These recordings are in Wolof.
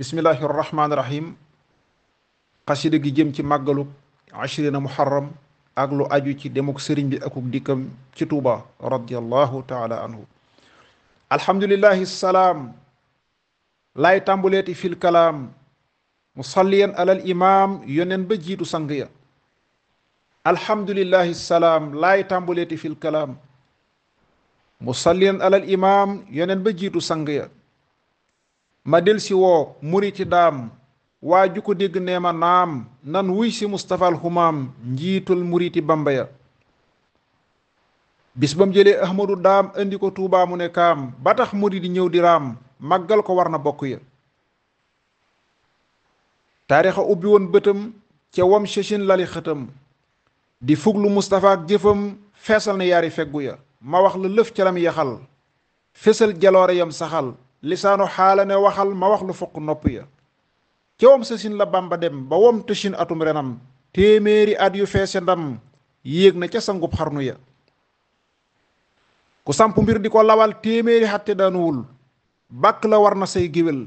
bismillahi rahmaani rahim xasida jëm ci màggaluk ashrina muharram ak lu aju ci demuk sëriñ bi akuk dikkam ci Tuuba radiallahu taala anhu alhamdulillahi salaam lay tàmbuleeti fi kalaam musalliyan alal imaam yoneen ba jiitu sang ma del si woo muriti daam waa ju ko dégg nee ma naam nan wuy si Moustapha al Xumaam njiitul muriti bamba ya bis ba mu jëlee ahmadu daam indi ko tuubaa mu ne kaam ba tax murit di ñëw di raam màggal ko war na bokk ya taarixa ubbi woon bëtam ca wam sësin lali xëtam di fuglu Moustapha jëfam feesal na yaari feggu ya ma wax la lëf calam yaxal fésal jaloore yam saxal lisaanu xaala waxal ma wax lu foq nopp ya ca wom sa sin la bamba dem ba wom tësin atum renam téeméeri at yu feese ndam yéeg na ca sangub xarnu ya ku samp mbir di ko lawal téeméeri xatte bàkk la war na say géwél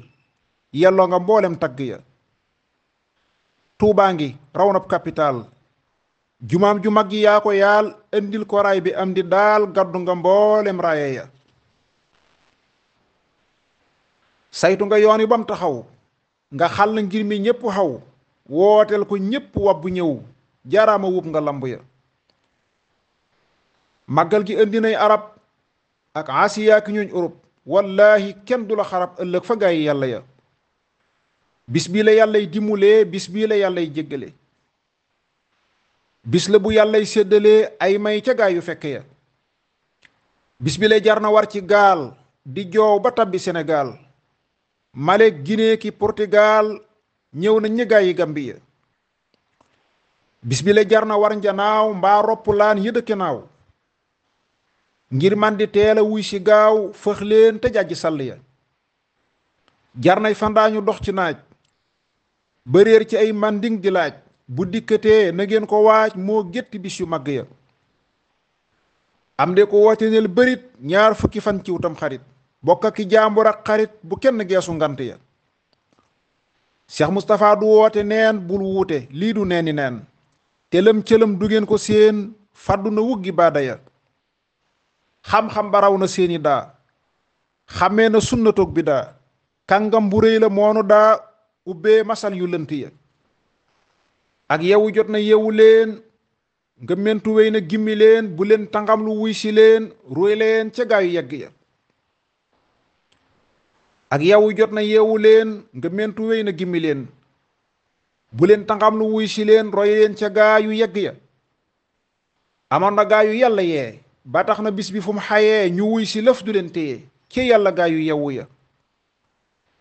yelloo nga mboolem tagg ya tuubaa ngi raw nab capital jumaam ju mag yi yaa ko yaal indil ko raay bi am di daal gaddu nga mboolem raaya ya saytu nga yoon wi ba mu taxaw nga xàll ngir mi ñëpp xaw wooteel ko ñëpp wabbu ñëw jaaraama wub nga lamb ya màggal gi indi nay arab ak asiya ki ñooñ Europe wallaahi kenn du la xarab ëllëg fa gaay yàlla ya bis bii la yàllay dimbulee bis bii la yàllay jéggale bis la bu yàllay séddalee ay may ca gaay yu fekk ya bis bi la jar na war ci gaal di joow ba tabbi senegaal Mali Guinée ki Portugal ñëw na ñëgaay yi Gambia bis bi jar na war njanaaw mbaa roppalaan yi dëkk naaw ngir man di teel wuy si gaaw fëx leen te jàjj sàll ya jar nay fandaañu dox ci naaj ba ci ay manding di laaj bu dikkatee na ngeen ko waaj moo gétti bis yu màgg ya am de ko woote neel bërit ñaar fukki fan ciw tam xarit bokk ak ki jaambur xarit bu kenn geesu ngant ya Cheikh Moustapha du woote neen bul wuute lii du neeni neen tëlëm cëlëm du ngeen ko séen fàddu na wuggi baada ya xam-xam ba na seeni daa xamee na sunnatoog bi daa kàngam bu réy la moonu daa ubbee masal yu ya ak yewu jot na yewu leen ngëmmentu wéy na gimmi leen bu leen tangam lu wuy si leen ruy leen ca yegg ya ak yawu jot na yeewu leen nga mentu wéy na gimmi leen bu leen tangam lu wuy si leen roy leen ca gaa yu yegg ya amoon na gaayu yu yàlla yee ba tax na bis bi fu mu xayee ñu wuy si lëf du leen téye ci yàlla gaa yu yewu ya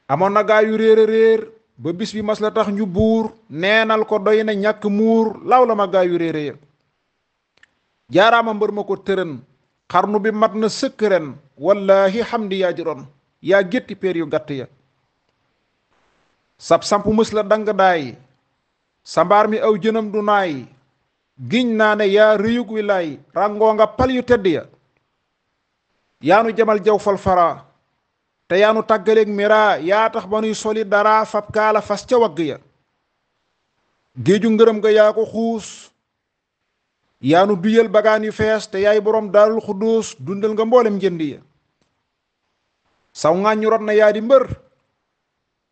amoon na gaa yu réer ba bis bi mas la tax ñu buur neenal ko doy na ñàkk muur law la ma gaa yu réere ya jaaraama mbër ma ko tërën xarnu bi mat na sëkk ren wallaahi xam di yaajiroon yaa gétti péer yu gàtt ya sab samp mës la dang daay sa mbaar mi aw jënam du nay giñ naa ne yaa réyug wi laay ràngoo nga pal yu tedd ya yaanu jamal jaw fal fara te yaanu tàggaleeg mira yaa tax ba nuy soli dara fab kaala fas ca wagg ya géeju ngërëm nga yaa ko xuus yaanu duyal bagaan yu fees te yaay boroom daarul xudduus dundal nga mboolem njënd ya saw ŋàññuroon na yaadi mbër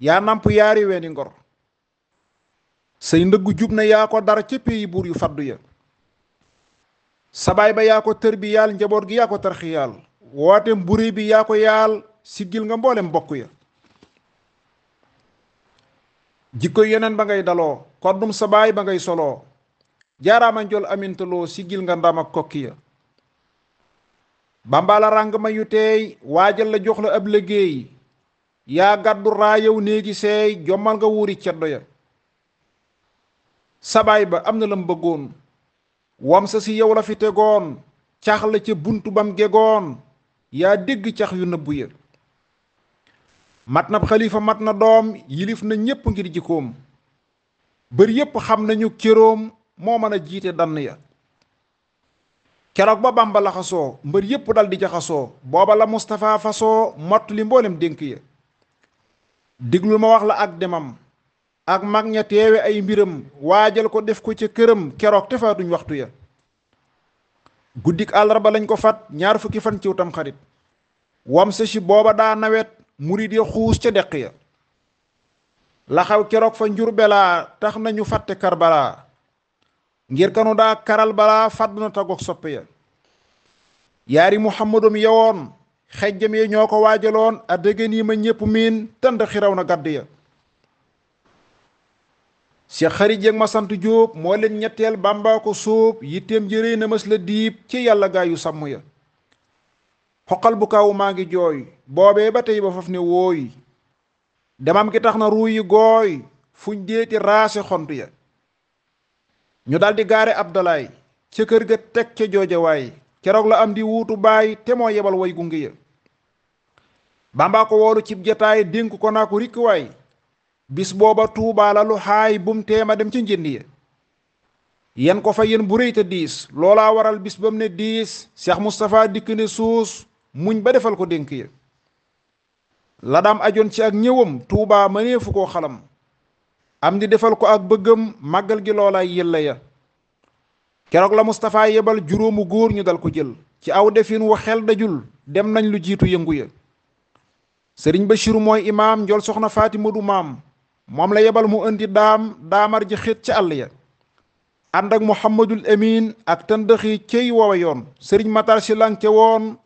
yaa nàmp yaari weeni ngor say ndëggu jub na yaa ko dara ca pays buur yu faddu ya sabaay ba yaa ko tër bi yaal njaboot gi yaa ko tarxi yaal wooteem bi yaa ko yaal siggil nga mboole mbokk ya jikko yeneen ba ngay daloo koddum sabaay ba ngay soloo jaaraama njol amintaloo siggil nga ndam ak kokki ya bamba la ràng ma yu teey waajal la jox la ab liggéey yaa gàddu raayow néegi seey jommal nga wuuri ceddo ya sabaay ba am na lam bëggoon wam sa si yow la fi tegoon cax la ca buntu bam gegoon yaa dégg cax yu nëbbu ya mat na xalifa mat na doom yilif na ñépp ngir jikkoom bër yépp xam nañu cëroom moo mën a jiite dann ya keroog ba bamba laxasoo mbër yépp dal di jaxasoo booba la Moustapha fasoo mott li mboolem dénk ya diglul ma wax la ak demam ak mag ña teewe ay mbiram waajal ko def ko ca këram keroog te faatuñ waxtu ya guddik ba lañ ko fat ñaar fukki fan ciw tam xarit wam sa si booba daa nawet murid ya xuus ca deq ya laxaw keroog fa njur belaa tax nañu fàtte karbala ngir kanu daa karal balaa fàdduna tagoog soppe ya yaari muhammadum yowoon xejjam yi ñoo ko waajaloon a dëggan yi ma ñépp miin tënd xiraw na gadd ya Seex Xari Jeeng ma sant Jóob moo leen ñetteel Bàmba ko sóob yitteem jërëy na la diib ci yàlla gaa yu sàmm ya xoqal bu kaw maa ngi jooy boobee ba tey ba faf ne wooy demam gi tax na ruu yi gooy fuñ deeti raase xont ya ñu daldi gaare abdalaay ca kër ga teg ca joojawaay keroog la am di wuutu baay te moo yebal way gunge ya bàmbaa ko woolu cib jataay dénk ko naa ko rikk waay bis booba tuubaa la lu xaay bum teema dem ci njënd ya yen ko fa yen bu réy te diis loolaa waral bis ba mu ne diis Cheikh Moustapha dikk ne suus muñ ba defal ko dénk ya la daam ajoon ci ak ñëwam tuubaa mëneefu koo xalam am di defal ko ak bëggam màggal gi loolaay yëlla ya keroog la Moustapha yebal juróomu góor ñu dal ko jël ci aw defin wu xel dajul dem nañ lu jiitu yëngu ya sëriñ Bachir mooy imaam njol soxna Fatima du maam moom la yebal mu indi daam daamar ji xët ci àll ya ànd ak Mouhamadul Amin ak tëndëxi cey woowe yoon sëriñ Matar si lan woon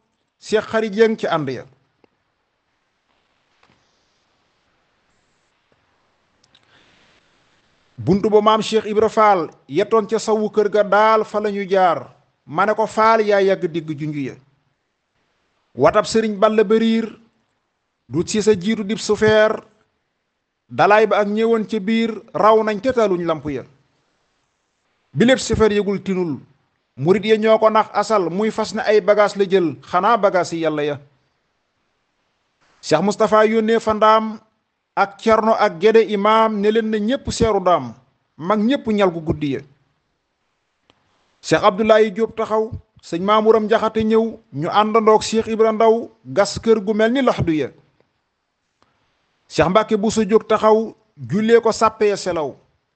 Cheikh Xari ci ànd ya buntu ba maam Cheikh Ibra Fall yettoon ca sawu kër ga daal fa la ñu jaar ma ne ko faal yaa yàgg digg junju ya watab sëriñ Balla Bariir du ci sa jiitu dib su feer dalaay ba ak ñëwoon ca biir raw nañ tetaaluñ lamp ya biléb safeer yëgul tinul murit ya ñoo ko nax asal muy fas ne ay bagaas la jël xanaa bagaas yàlla ya Cheikh Moustapha yónnee fa ndaam ak cerno ak gédé imaam ne leen na ñépp seeru daam mag ñépp ñal gu guddi ya Cheikh Abdoulaye Diop taxaw sëñ Maamuram Jaxate ñëw ñu àndandoog seex Ibra Ndaw gas kër gu mel ni du ya Cheikh Mbàkke bu sa jóg taxaw jullee ko sàppee selaw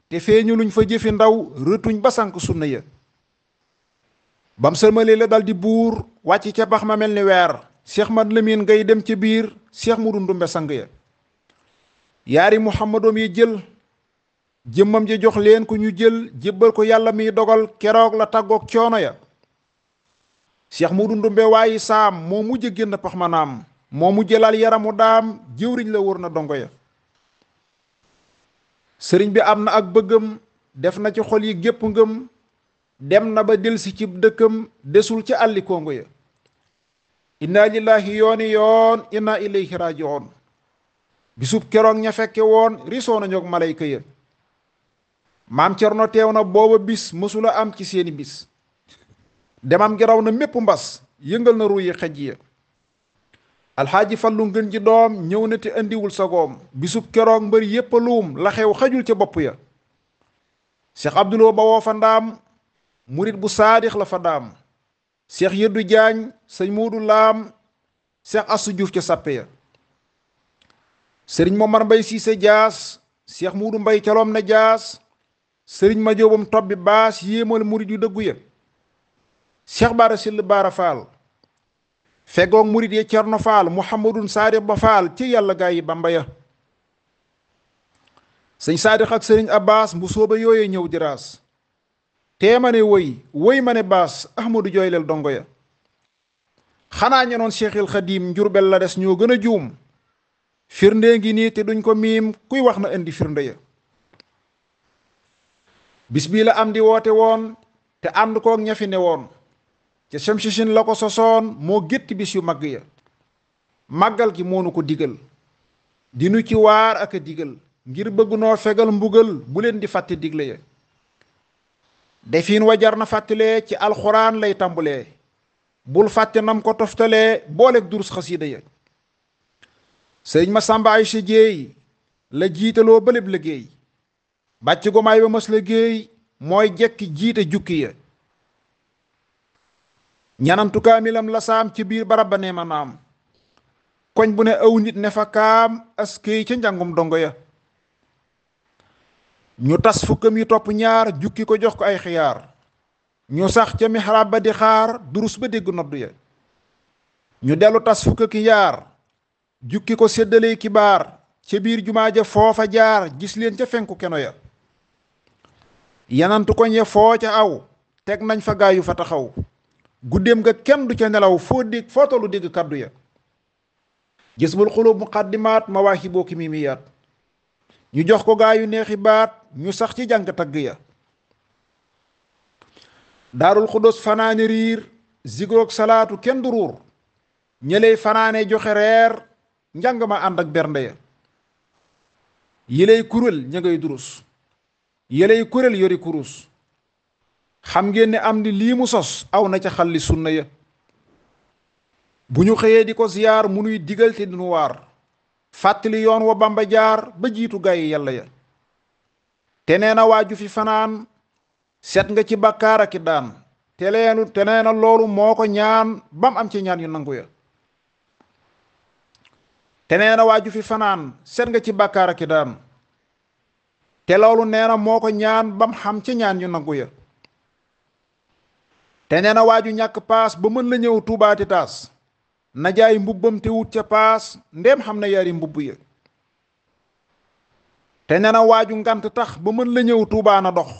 te feeñu luñ fa jëfi ndaw rëtuñ ba sànk sunna ya bam sërmalee la dal di buur wàcc ca bax ma mel ni weer Cheikh ma Lamine ngay dem ca biir Cheikh mu dundumbe sang ya yaari muhammadoom yi jël jëmmam ji jox leen ko ñu jël jébbal ko yàlla miy dogal keroog la tàggoog coono ya cheikh mu dundumbe waayi saam moo mujj génn pax manaam moo mu jëlal yaramu daam jëwriñ la wër na dongo ya sëriñ bi am na ak bëggam def na ci xol yi gépp ngëm dem na ba delsi ci dëkkam desul ci àlli kongo ya inna lillahi yooni yoon inna ilayhi rajiun bisub keroog ña fekke woon risoo ñoog malayka ya maam cerno teew na booba bis mësula am ci seeni bis demam gi raw na mépp mbas yëngal na ruuyi xej ya alxaaji fallu ngën ji doom ñëw na te indiwul sagoom bisub keroog mbër yépp laxew la xajul ca bopp ya seex abduloo ba fa ndaam murit bu saadix la fa daam seex yëddu jaañ sëñ muudu laam seex asu juuf ca sàppe ya sëriñ Momar Mbay Siise Jaas Seex Muudu Mbay Caloom na Jaas sëriñ ma joobam tob bi baas yéemal murit yu dëggu ya Seex Baara Sill Baara Faal fegoog murit ya Cerno Faal Muhammadun Saadix ba Faal ci yàlla gaa yi Bamba ya sëñ Saadix ak sëriñ Abbaas mu sooba yooyee ñëw di raas tee ma ne woy woy ma ne baas Ahmadu jooyleel dongo ya xanaa ñenoon Seexil Xadiim Njurbel la des ñoo gën a juum firnde ngi nii te duñ ko miim kuy wax na indi firnde ya bis bii la am di woote woon te ànd koog ña fi ne woon ca Samsudin la ko sosoon moo gétti bis yu mag ya màggal gi moonu ko digal dinu ci waar ak a digal ngir bëgg noo fegal mbugal bu leen di fàtte digle ya defin wa jar na fàttalee ci alxuraan lay tàmbulee bul fàtte nam ko toftalee booleeg durus xasiida ya sëriñ Masamba Aysa Jéey la jiitaloo bëlëb liggéey bàcc gomaay ba mos liggéey mooy jekki jiite jukki ya ñanamtu kaamilam la saam ci biir barab ba ne ma naam koñ bu ne aw nit ne fa kaam askey ca njàngum dongo ya ñu tas fukkam yi topp ñaar jukki ko jox ko ay xiyaar ñu sax ca mixraab ba di xaar durus ba dégg noddu ya ñu dellu tas fukka ki jukki ko séddaley kibaar ca biir jumaa ja foofa jaar gis leen ca fenku keno ya yanantu koñ ya foo ca aw teg nañ fa gaayu fa taxaw guddeem nga kenn du ca nelaw foo dégg foo tollu dégg kàddu ya jësbul xulub muqaddimaat mawaahibu kimimiyaat ñu jox ko gaayu neexi baat ñu sax ci jàng tagg ya daarul xudus fanaane riir zigroog salaatu kenn du ruur ñëley fanaane joxe reer njàng ma ànd ak bernde ya yëlay kuréel ña ngay durus yëlay kuréel yori kurus xam ngeen ne am di lii mu sos aw na ca xalli sunna ya bu ñu xëyee di ko siyaar mu nuy digal te waar fàttali yoon wa bamba jaar ba jiitu gàyyi yàlla ya te nee na waaju fi fanaan set nga ci bakkaar ak i daan te leenu te nee na loolu moo ko ñaan bam am ci ñaan yu nangu ya te nee na waaju fi fanaan set nga ci bàkkaar ki daan te loolu nee na moo ko ñaan bam xam ci ñaan yu nangu ya te nee na waaju ñàkk paas ba mën la ñëw tuubaati taas na jaay mbubbam te wut ca paas ndéem xam na yari mbubb ya te nee na waaju ngant tax ba mën la ñëw tuubaa na dox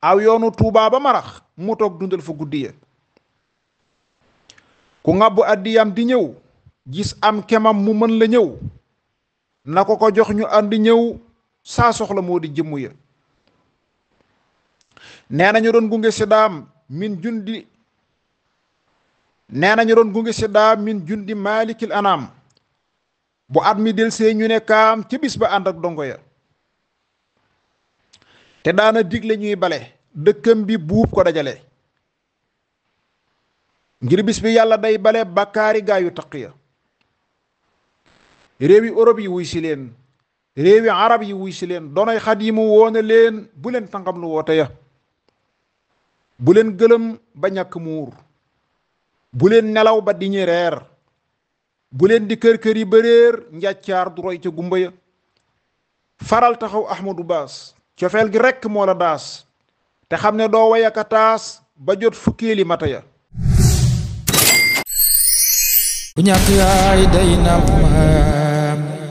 aw yoonu tuubaa ba marax mu toog dundal fa guddi ya ku ngàbbu àddiyam di ñëw gis am kemam mu mën la ñëw na ko ko jox ñu ànd ñëw saa soxla moo di jëmm ya nee na doon gunge si daam min jundi nee na doon gunge si daam min jundi maalikil anaam bu at mi del see ñu ne kaam ci bis ba ànd ak dongo ya te daana digle ñuy bale dëkkam bi buub ko dajale ngir bis bi yàlla day bale bàkkaari gaayu taq ya réew yi Europe yi wuy si leen réewi arab yi wuy si leen doonay xadiimu woone leen bu leen tànqam lu woote ya bu leen gëlëm ba ñàkk muur bu leen nelaw ba diñi reer bu leen di kër-kër yi bëréer njàccaar du roy ca gumba ya faral taxaw ahmadu baas cofeel gi rekk moo la daas te xam ne doo way aka taas ba jot fukkeeli mata ya bu ñàkk yaay day nam